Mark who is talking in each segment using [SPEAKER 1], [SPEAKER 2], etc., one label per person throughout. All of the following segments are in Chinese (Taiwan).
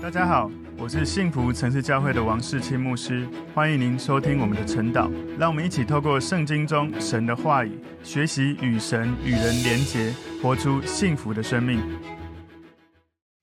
[SPEAKER 1] 大家好，我是幸福城市教會的王世清牧師，歡迎您收聽我們的晨禱，讓我們一起透過聖經中神的話語，學習與神與人連結，活出幸福的生命。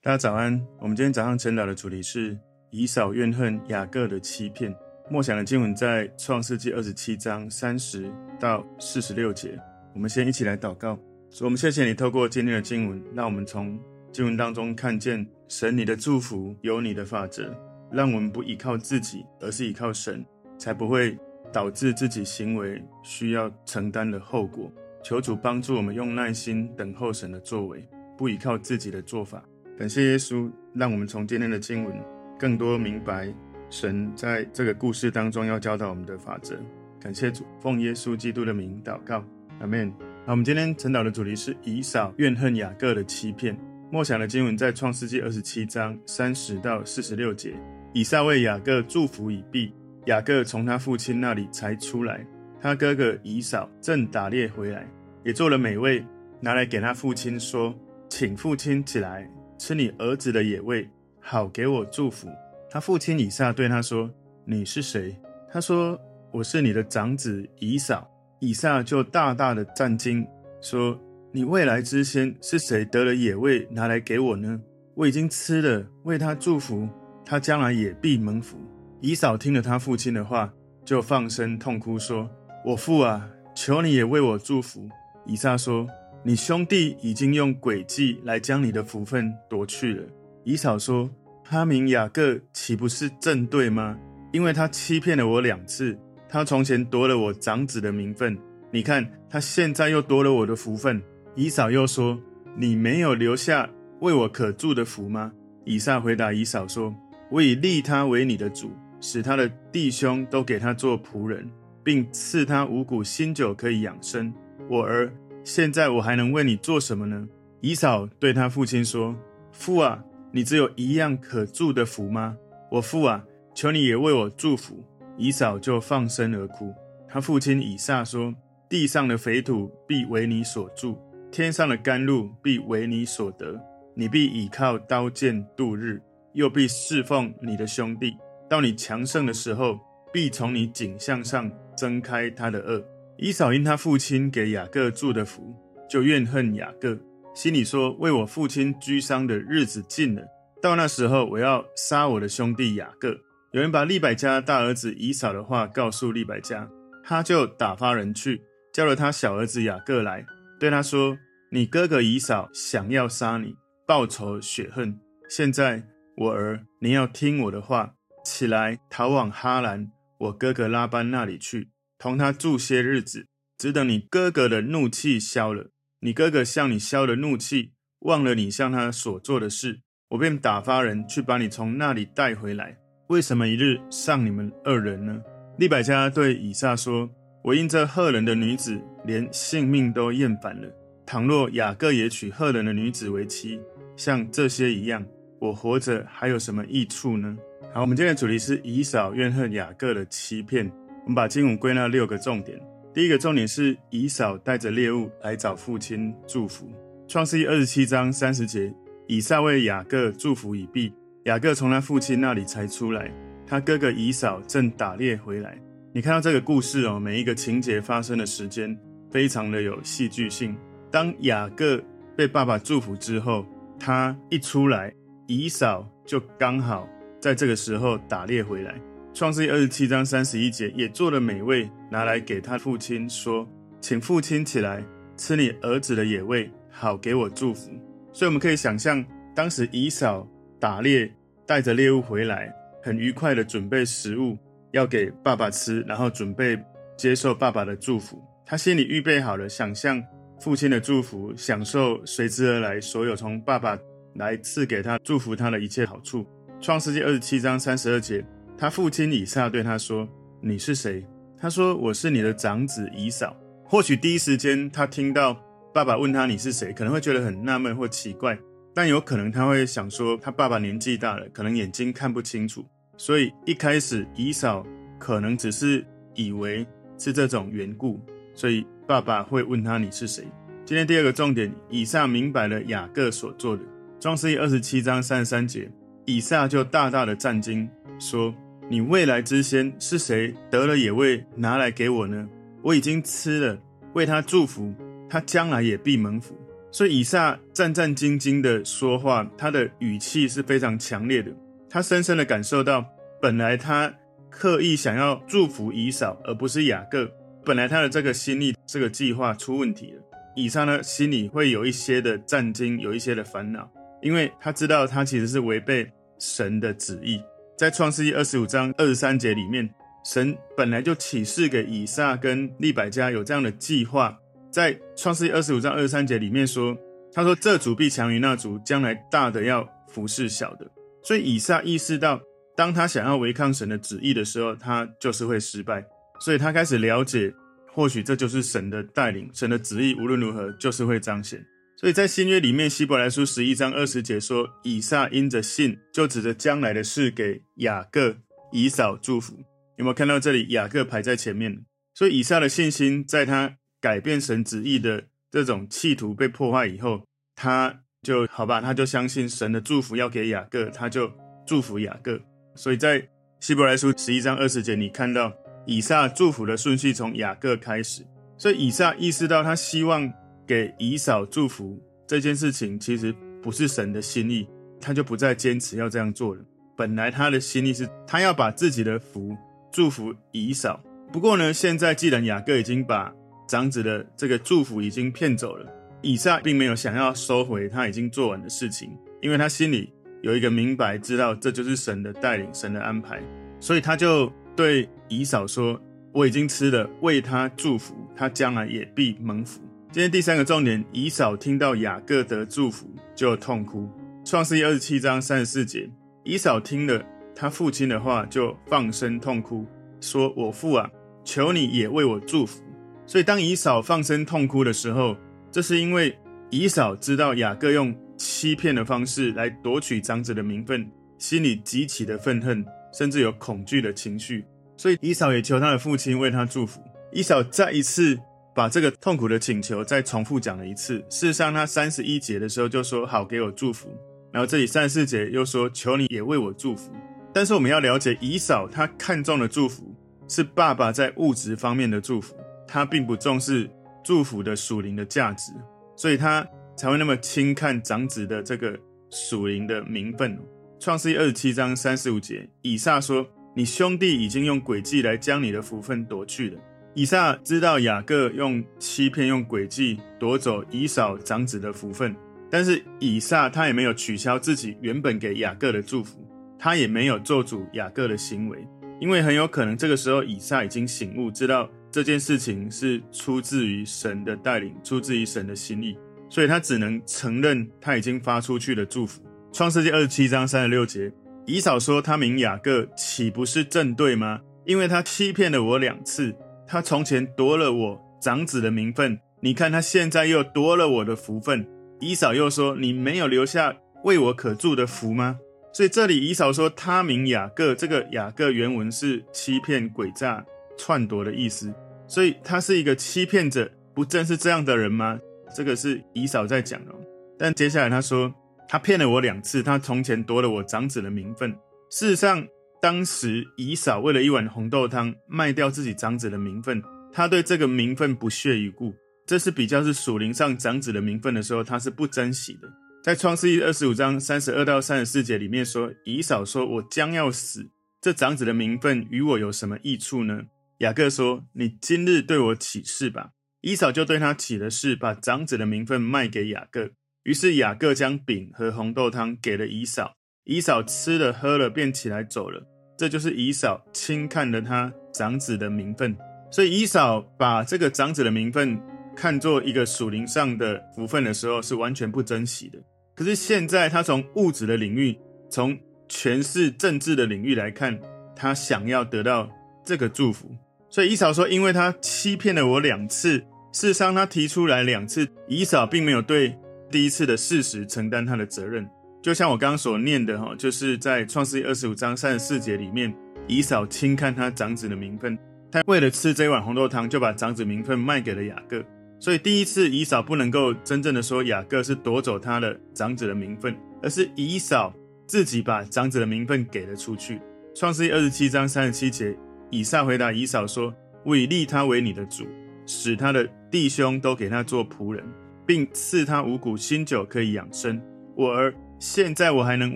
[SPEAKER 1] 大家早安，我們今天早上晨禱的主題是以掃怨恨雅各的欺騙，默想的經文在創世記二十七章三十到四十六節。我們先一起來禱告，主，我們謝謝你透過今天的經文，讓我們從經文當中看見神你的祝福有你的法則，讓我們不依靠自己，而是依靠神，才不會導致自己行為需要承擔的後果。求主幫助我們用耐心等候神的作為，不依靠自己的做法。感謝耶穌，讓我們從今天的經文更多明白神在這個故事當中要教導我們的法則。感謝主，奉耶穌基督的名禱告，阿門。好，我們今天晨禱的主題是以掃怨恨雅各的欺騙。默想的經文在創世記二十七章三十到四十六節。以撒為雅各祝福已畢，雅各從他父親那裡才出來。他哥哥以掃正打獵回來，也做了美味，拿來給他父親說：“請父親起來吃你兒子的野味，好給我祝福。”他父親以撒對他說：“你是誰？”他說：“我是你的長子以掃。”以撒就大大的戰兢，說。你未來之先是誰得了野味拿來給我呢？我已經吃了，為他祝福，他將來也必蒙福。以掃聽了他父親的話，就放聲痛哭說：“我父啊，求你也為我祝福。”以撒說：“你兄弟已經用詭計來將你的福分奪去了。”以掃說：“他名雅各豈不是正對嗎？因為他欺騙了我兩次，他從前奪了我長子的名分，你看他現在又奪了我的福分。”以掃又說：“你沒有留下為我可祝的福嗎？”以撒回答以掃說：“我已立他為你的主，使他的弟兄都給他做僕人，並賜他五穀新酒可以養生。我兒，現在我還能為你做什麼呢？”以掃對他父親說：“父啊，你只有一樣可祝的福嗎？我父啊，求你也為我祝福。”以掃就放聲而哭。他父親以撒說：“地上的肥土必為你所住。”天上的甘露必為你所得，你必倚靠刀劍度日，又必侍奉你的兄弟。到你強盛的時候，必從你頸項上掙開他的軛。以掃因他父親給雅各祝的福，就怨恨雅各，心裡說：“為我父親居喪的日子近了，到那時候，我要殺我的兄弟雅各。”有人把利百加大兒子以掃的話告訴利百加，他就打發人去叫了他小兒子雅各來，對他說。你哥哥以掃想要殺你，報仇雪恨，現在我兒，你要聽我的話，起來逃往哈蘭，我哥哥拉班那裡去，同他住些日子，直等你哥哥的怒氣消了。你哥哥向你消了怒氣，忘了你向他所做的事，我便打發人去把你從那裡帶回來。為什麼一日喪你們二人呢？利百加對以撒說：“我因這赫人的女子，連性命都厭煩了。”倘若雅各也娶赫人的女子為妻，像這些一樣，我活着還有什麼益處呢？好，我們今天的主題是以掃怨恨雅各的欺騙。我們把經文歸納六個重點。第一個重點是，以掃帶着獵物來找父親祝福。創世記二十七章三十節：以撒為雅各祝福已畢，雅各從他父親那裡才出來，他哥哥以掃正打獵回來。你看到這個故事哦，每一個情節發生的時間非常的有戲劇性。當雅各被爸爸祝福之後，他一出來，以掃就剛好在這個時候打獵回來。創世記二十七章三十一節，也做了美味，拿來給他父親說：“請父親起來吃你兒子的野味，好給我祝福。”所以我們可以想象，當時以掃打獵，帶着獵物回來，很愉快地準備食物要給爸爸吃，然後準備接受爸爸的祝福。他心裡預備好了，想象父親的祝福，享受隨之而來，所有從爸爸來賜給他、祝福他的一切好處。創世紀二十七章三十二節，他父親以撒對他說：“你是誰？”他說：“我是你的長子以掃。”或許第一時間他聽到爸爸問他“你是誰”，可能會覺得很納悶或奇怪，但有可能他會想說，他爸爸年紀大了，可能眼睛看不清楚，所以一開始以掃可能只是以為是這種緣故，所以。爸爸會問他你是誰。今天第二個重點，以撒明白了雅各所做的。創世記二十七章三十三節，以撒就大大的戰驚，說：“你未來之先是誰得了野味拿來給我呢？我已經吃了，為他祝福，他將來也必蒙福。”所以以撒戰戰兢兢的說話，他的語氣是非常強烈的。他深深的感受到，本來他刻意想要祝福以掃，而不是雅各。本來他的這個心理，這個計劃出問題了。以撒呢，心裡會有一些的戰驚，有一些的煩惱，因為他知道他其實是違背神的旨意。在創世記二十五章二十三節裡面，神本來就啟示給以撒跟利百加有這樣的計劃。在創世記二十五章二十三節裡面說，他說這族必強於那族，將來大的要服侍小的。所以以撒意識到，當他想要違抗神的旨意的時候，他就是會失敗。所以他開始了解，或許這就是神的帶領，神的旨意無論如何就是會彰顯。所以在新約裡面，希伯來書十一章二十節說，以撒因着信就指着將來的事給雅各以掃祝福。有沒有看到這裡？雅各排在前面。所以以撒的信心在他改變神旨意的這種企圖被破壞以後，他就好吧，他就相信神的祝福要給雅各，他就祝福雅各。所以在希伯來書十一章二十節，你看到。以撒祝福的順序從雅各開始，所以以撒意識到他希望給以掃祝福這件事情其實不是神的心意，他就不再堅持要這樣做了。本來他的心意是他要把自己的福祝福以掃，不過呢，現在既然雅各已經把長子的這個祝福已經騙走了，以撒並沒有想要收回他已經做完的事情，因為他心裡有一個明白知道這就是神的帶領、神的安排，所以他就。對以掃說：“我已經吃了，為他祝福，他將來也必蒙福。”今天第三個重點，以掃聽到雅各得祝福就痛哭。創世記二十七章三十四節，以掃聽了他父親的話就放聲痛哭，說：“我父啊，求你也為我祝福。”所以當以掃放聲痛哭的時候，這是因為以掃知道雅各用欺騙的方式來奪取長子的名分，心裡極其的憤恨。甚至有恐懼的情緒，所以以掃也求他的父親為他祝福。以掃再一次把這個痛苦的請求再重複講了一次。事實上，他三十一節的時候就說：“好，給我祝福。”然後這裡三十四節又說：“求你也為我祝福。”但是我們要了解，以掃他看重的祝福是爸爸在物質方面的祝福，他並不重視祝福的屬靈的價值，所以他才會那麼輕看長子的這個屬靈的名分。創世二十七章三十五節，以撒說：“你兄弟已經用詭計來將你的福分奪去了。”以撒知道雅各用欺騙、用詭計奪走以掃長子的福分，但是以撒他也沒有取消自己原本給雅各的祝福，他也沒有做主雅各的行為，因為很有可能這個時候以撒已經醒悟，知道這件事情是出自於神的帶領，出自於神的心意，所以他只能承認他已經發出去的祝福。創世記二十七章三十六節，以掃說：“他名雅各，豈不是正對嗎？因為他欺騙了我兩次。他從前奪了我長子的名分，你看他現在又奪了我的福分。”以掃又說：“你沒有留下為我可祝的福嗎？”所以這裡以掃說他名雅各，這個雅各原文是欺騙、詭詐、篡奪的意思，所以他是一個欺騙者，不正是這樣的人嗎？這個是以掃在講的。但接下來他說。他騙了我兩次。他從前奪了我長子的名分。事實上，當時以掃為了一碗紅豆湯，賣掉自己長子的名分。他對這個名分不屑一顧。這是比較是屬靈上長子的名分的時候，他是不珍惜的。在創世記二十五章三十二到三十四節裡面說，以掃說：“我將要死，這長子的名分與我有什麼益處呢？”雅各說：“你今日對我起誓吧。”以掃就對他起的誓，把長子的名分賣給雅各。於是雅各將餅和紅豆湯給了以掃，以掃吃了喝了，便起來走了。這就是以掃輕看了他長子的名分，所以以掃把這個長子的名分看作一個屬靈上的福分的時候，是完全不珍惜的。可是現在他從物質的領域，從權勢政治的領域來看，他想要得到這個祝福，所以以掃說：“因為他欺騙了我兩次，事實上他提出來兩次，以掃並沒有對。”第一次的事實承擔他的責任，就像我剛剛所念的哈，就是在創世記二十五章三十四節裡面，以掃輕看他長子的名分，他為了吃這碗紅豆湯，就把長子名分賣給了雅各。所以第一次，以掃不能夠真正的說雅各是奪走他的長子的名分，而是以掃自己把長子的名分給了出去。創世記二十七章三十七節，以撒回答以掃說：“我已立他為你的主，使他的弟兄都給他做僕人。”並賜他五谷新酒，可以養生。我兒，現在我還能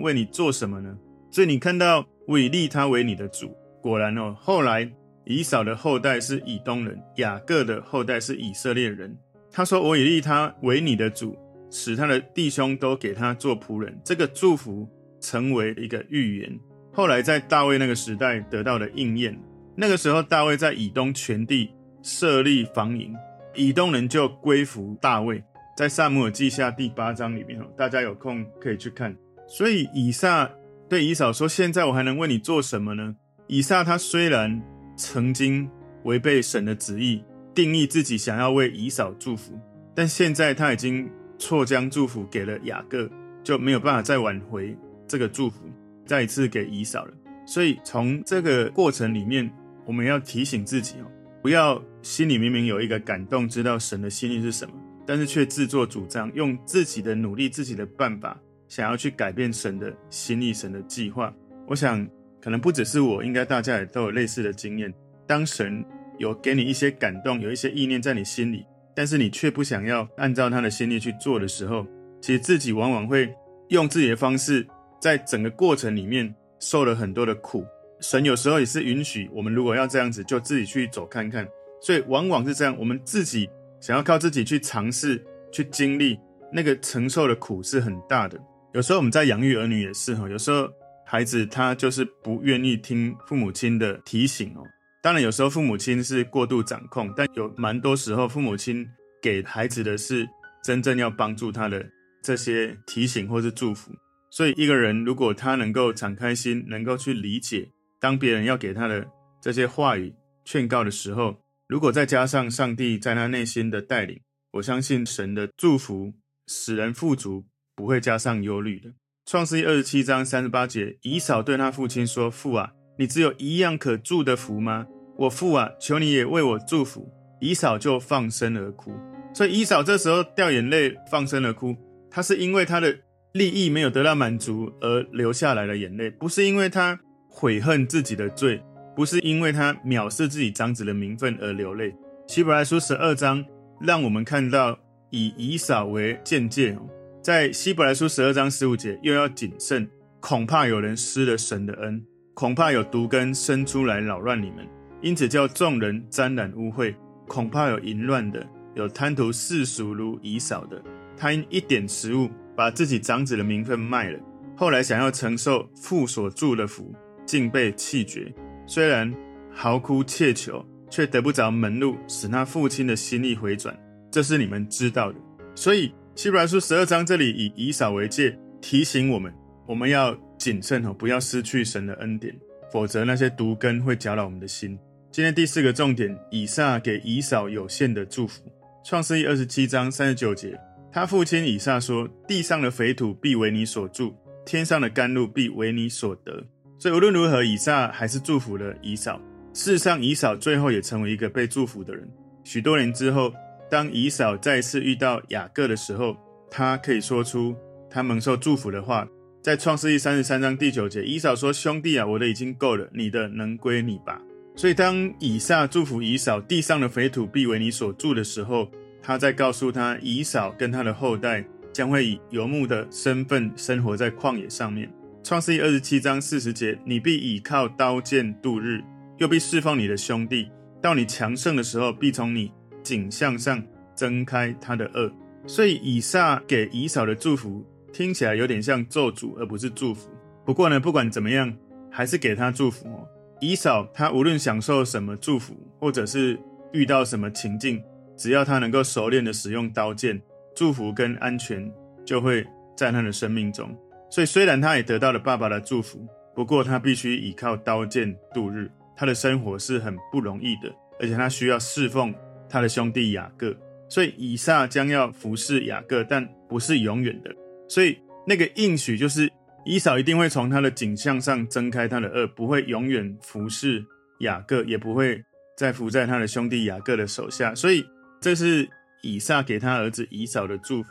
[SPEAKER 1] 為你做什麼呢？所以你看到我已立他為你的主。果然哦，後來以掃的後代是以東人，雅各的後代是以色列人。他說：“我已立他為你的主，使他的弟兄都給他做僕人。”這個祝福成為一個預言。後來在大衛那個時代得到了應驗。那個時候，大衛在以東全地設立防營，以東人就歸服大衛。在撒母耳記下第八章裡面哦，大家有空可以去看。所以以撒對以掃說：“現在我還能為你做什麼呢？”以撒他雖然曾經違背神的旨意，定義自己想要為以掃祝福，但現在他已經錯將祝福給了雅各，就沒有辦法再挽回這個祝福，再一次給以掃了。所以從這個過程裡面，我們要提醒自己哦，不要心裡明明有一個感動，知道神的心意是什麼。但是卻自作主張，用自己的努力、自己的辦法，想要去改變神的心意、神的計劃。我想，可能不只是我，應該大家也都有類似的經驗。當神有給你一些感動，有一些意念在你心裡，但是你卻不想要按照他的心意去做的時候，其實自己往往會用自己的方式，在整個過程裡面受了很多的苦。神有時候也是允許我們，如果要這樣子，就自己去走看看。所以往往是這樣，我們自己。想要靠自己去嘗試、去經歷那個承受的苦是很大的。有時候我們在養育兒女也是哈，有時候孩子他就是不願意聽父母親的提醒哦。當然有時候父母親是過度掌控，但有蠻多時候父母親給孩子的是真正要幫助他的這些提醒或是祝福。所以一個人如果他能夠敞開心，能夠去理解當別人要給他的這些話語勸告的時候。如果再加上上帝在他內心的帶領，我相信神的祝福使人富足，不會加上憂慮的。創世記二十七章三十八節，以掃對他父親說：“父啊，你只有一樣可祝的福嗎？我父啊，求你也為我祝福。”以掃就放聲而哭。所以，以掃這時候掉眼淚放聲而哭，他是因為他的利益沒有得到滿足而流下來了眼淚，不是因為他悔恨自己的罪。不是因為他藐視自己長子的名分而流淚。希伯來書十二章讓我們看到以以掃為鑒戒，哦。在希伯來書十二章十五節，又要謹慎，恐怕有人失了神的恩，恐怕有毒根生出來擾亂你們，因此叫眾人沾染污穢，恐怕有淫亂的，有貪圖世俗如以掃的，他因一點食物把自己長子的名分賣了，後來想要承受父所祝的福，竟被棄絕。雖然嚎哭切求，卻得不着門路，使那父親的心力回轉。這是你們知道的。所以，希伯來書十二章這裡以以掃為戒，提醒我們，我們要謹慎哦，不要失去神的恩典，否則那些毒根會攪擾我們的心。今天第四個重點，以撒給以掃有限的祝福。創世記二十七章三十九節，他父親以撒說：“地上的肥土必為你所住，天上的甘露必為你所得。”所以無論如何，以撒還是祝福了以掃。事實上，以掃最後也成為一個被祝福的人。許多年之後，當以掃再次遇到雅各的時候，他可以說出他蒙受祝福的話。在創世記三十三章第九節，以掃說：“兄弟啊，我的已經夠了，你的能歸你吧。”所以當以撒祝福以掃：“地上的肥土必為你所住”的時候，他在告訴他，以掃跟他的後代將會以游牧的身份生活在曠野上面。創世記二十七章四十節：你必倚靠刀劍度日，又必侍奉你的兄弟。到你強盛的時候，必從你頸項上掙開他的軛。所以，以撒給以掃的祝福聽起來有點像咒詛，而不是祝福。不過呢，不管怎麼樣，還是給他祝福哦。以掃他無論享受什麼祝福，或者是遇到什麼情境，只要他能夠熟練的使用刀劍，祝福跟安全就會在他的生命中。所以，雖然他也得到了爸爸的祝福，不過他必須倚靠刀劍度日，他的生活是很不容易的。而且他需要侍奉他的兄弟雅各，所以以撒將要服侍雅各，但不是永遠的。所以那個應許就是以掃一定會從他的頸項上掙開他的軛，不會永遠服侍雅各，也不會再服在他的兄弟雅各的手下。所以這是以撒給他兒子以掃的祝福，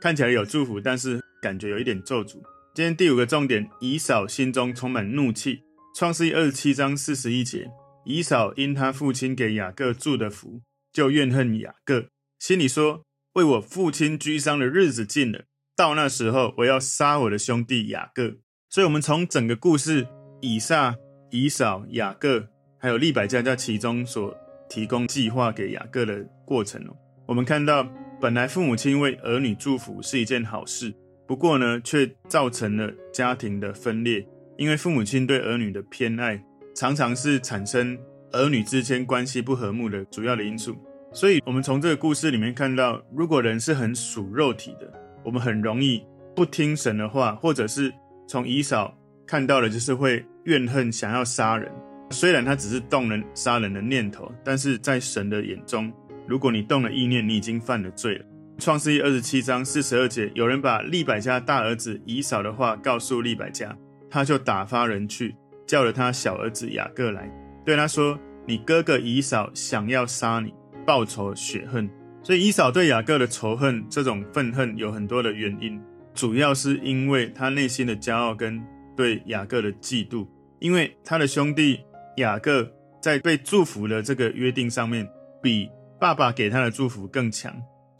[SPEAKER 1] 看起來有祝福，但是感覺有一點咒詛。今天第五個重點，以掃心中充滿怒氣。創世記二十七章四十一節，以掃因他父親給雅各祝的福，就怨恨雅各，心裡說：“為我父親居喪的日子近了，到那時候，我要殺我的兄弟雅各。”所以，我們從整個故事，以撒、以掃、雅各，還有利百加在其中所提供計劃給雅各的過程哦，我們看到，本來父母親為兒女祝福是一件好事。不過呢，卻造成了家庭的分裂，因為父母親對兒女的偏愛，常常是產生兒女之間關係不和睦的主要的因素。所以，我們從這個故事裡面看到，如果人是很屬肉體的，我們很容易不聽神的話，或者是從以掃看到的就是會怨恨，想要殺人。雖然他只是動了殺人的念頭，但是在神的眼中，如果你動了意念，你已經犯了罪了。創世記二十七章四十二節，有人把利百加大兒子以掃的話告訴利百加，他就打發人去叫了他小兒子雅各來，對他說：“你哥哥以掃想要殺你，報仇雪恨。”所以以掃對雅各的仇恨，這種憤恨有很多的原因，主要是因為他內心的驕傲跟對雅各的嫉妒，因為他的兄弟雅各在被祝福的這個約定上面，比爸爸給他的祝福更強。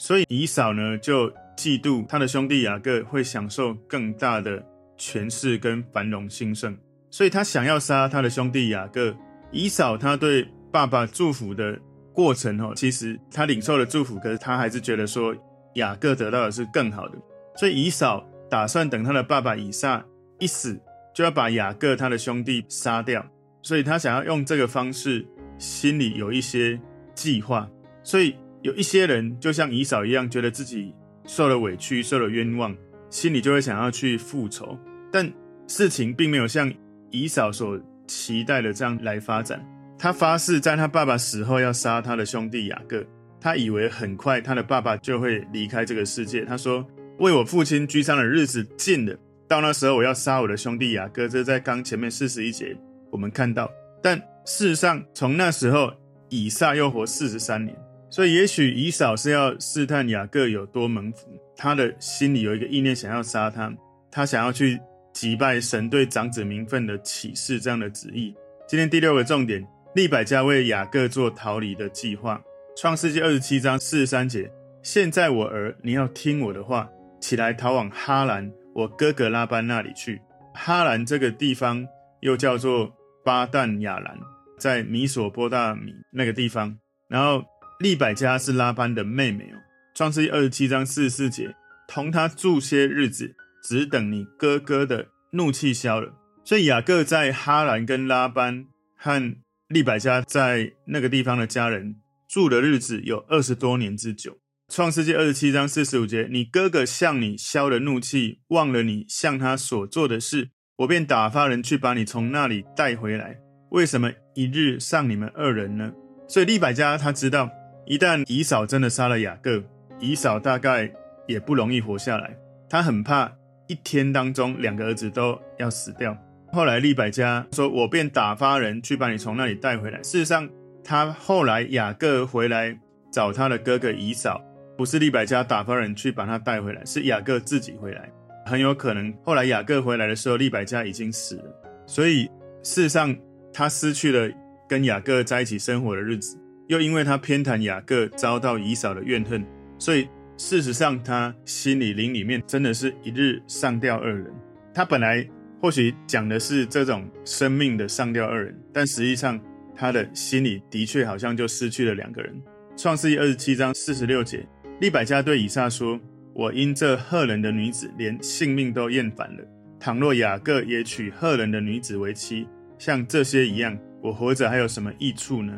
[SPEAKER 1] 所以以掃呢，就嫉妒他的兄弟雅各會享受更大的權勢跟繁榮興盛，所以他想要殺他的兄弟雅各。以掃他對爸爸祝福的過程哦，其實他領受了祝福，可是他還是覺得說雅各得到的是更好的，所以以掃打算等他的爸爸以撒一死，就要把雅各他的兄弟殺掉。所以他想要用這個方式，心裡有一些計劃，所以。有一些人就像以掃一樣，覺得自己受了委屈、受了冤枉，心裡就會想要去復仇。但事情並沒有像以掃所期待的這樣來發展。他發誓在他爸爸死後要殺他的兄弟雅各。他以為很快他的爸爸就會離開這個世界。他說：“為我父親居喪的日子近了，到那時候我要殺我的兄弟雅各。”這在剛前面四十一節我們看到。但事實上，從那時候以撒又活四十三年。所以，也許以掃是要試探雅各有多蒙福，他的心裡有一個意念，想要殺他，他想要去擊敗神對長子名分的啟示這樣的旨意。今天第六個重點，利百加為雅各做逃離的計劃。創世記二十七章四十三節，現在我兒，你要聽我的話，起來逃往哈蘭，我哥哥拉班那裡去。哈蘭這個地方又叫做巴旦亞蘭，在米索波大米那個地方，然後。利百加是拉班的妹妹哦。創世記二十七章四十四節，同他住些日子，只等你哥哥的怒氣消了。所以雅各在哈蘭跟拉班和利百加在那個地方的家人住的日子有二十多年之久。創世記二十七章四十五節，你哥哥向你消了怒氣，忘了你向他所做的事，我便打發人去把你從那裡帶回來。為什麼一日喪你們二人呢？所以利百加他知道。一旦以掃真的殺了雅各，以掃大概也不容易活下來。他很怕一天當中兩個兒子都要死掉。後來利百加說：“我便打發人去把你從那裡帶回來。”事實上，他後來雅各回來找他的哥哥以掃，不是利百加打發人去把他帶回來，是雅各自己回來。很有可能後來雅各回來的時候，利百加已經死了。所以事實上，他失去了跟雅各在一起生活的日子。又因為他偏袒雅各，遭到以掃的怨恨，所以事實上他心裡靈裡面真的是一日上吊二人。他本來或許講的是這種生命的上吊二人，但實際上他的心裡的確好像就失去了兩個人。創世記二十七章四十六節，利百加對以撒說：“我因這赫人的女子連性命都厭煩了。倘若雅各也娶赫人的女子為妻，像這些一樣，我活着還有什麼益處呢？”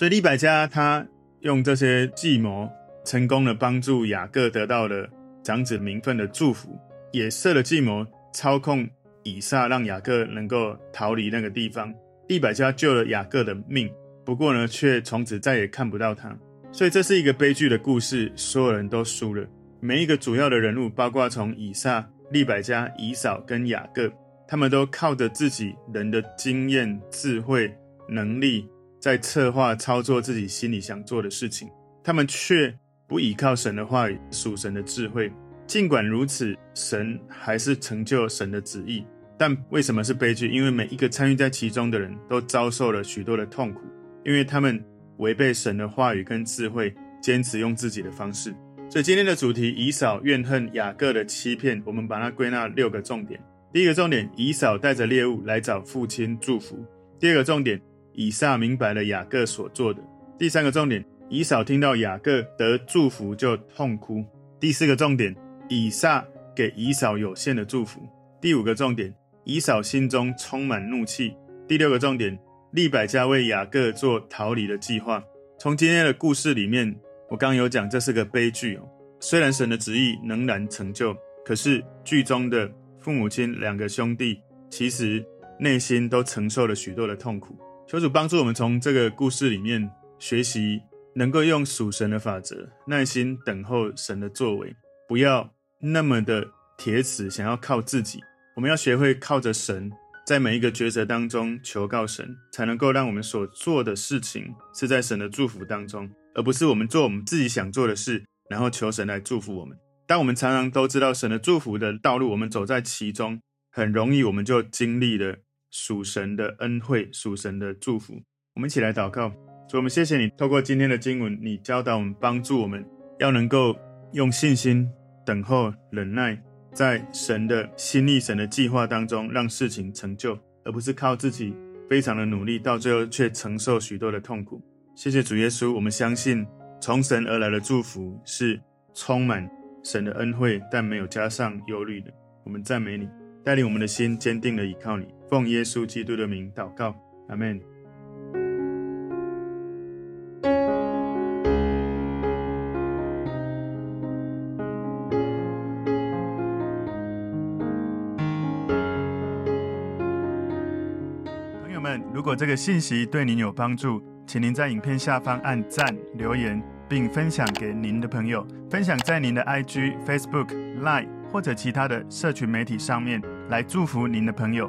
[SPEAKER 1] 所以利百加他用這些計謀，成功的幫助雅各得到了長子名分的祝福，也設了計謀操控以撒，讓雅各能夠逃離那個地方。利百加救了雅各的命，不過呢，卻從此再也看不到他。所以這是一個悲劇的故事，所有人都輸了。每一個主要的人物，包括從以撒、利百加、以掃跟雅各，他們都靠着自己人的經驗、智慧、能力。在策劃操作自己心裡想做的事情，他們卻不依靠神的話語、屬神的智慧。儘管如此，神還是成就了神的旨意。但為什麼是悲劇？因為每一個參與在其中的人都遭受了許多的痛苦，因為他們違背神的話語跟智慧，堅持用自己的方式。所以今天的主題：以掃怨恨雅各的欺騙。我們把它歸納六個重點。第一個重點：以掃帶着獵物來找父親祝福。第二個重點。以撒明白了雅各所做的。第三個重點，以掃聽到雅各得祝福就痛哭。第四個重點，以撒給以掃有限的祝福。第五個重點，以掃心中充滿怒氣。第六個重點，利百加為雅各做逃離的計劃。從今天的故事裡面，我剛有講，這是個悲劇哦。雖然神的旨意仍然成就，可是劇中的父母親兩個兄弟，其實內心都承受了許多的痛苦。求主幫助我們從這個故事裡面學習，能夠用屬神的法則，耐心等候神的作為，不要那麼的鐵齒，想要靠自己。我們要學會靠着神，在每一個抉擇當中求告神，才能夠讓我們所做的事情是在神的祝福當中，而不是我們做我們自己想做的事，然後求神來祝福我們。當我們常常都知道神的祝福的道路，我們走在其中，很容易我們就經歷了。屬神的恩惠，屬神的祝福，我們一起來禱告。主，我們謝謝你，透過今天的經文，你教導我們，幫助我們，要能夠用信心等候、忍耐，在神的心意、神的計劃當中，讓事情成就，而不是靠自己非常的努力，到最後卻承受許多的痛苦。謝謝主耶穌，我們相信從神而來的祝福是充滿神的恩惠，但沒有加上憂慮的。我們讚美你，帶領我們的心堅定的依靠你。奉耶穌基督的名禱告，阿門。朋友們，如果這個信息對您有幫助，請您在影片下方按讚、留言，並分享給您的朋友，分享在您的 IG、Facebook、Line 或者其他的社群媒體上面，來祝福您的朋友。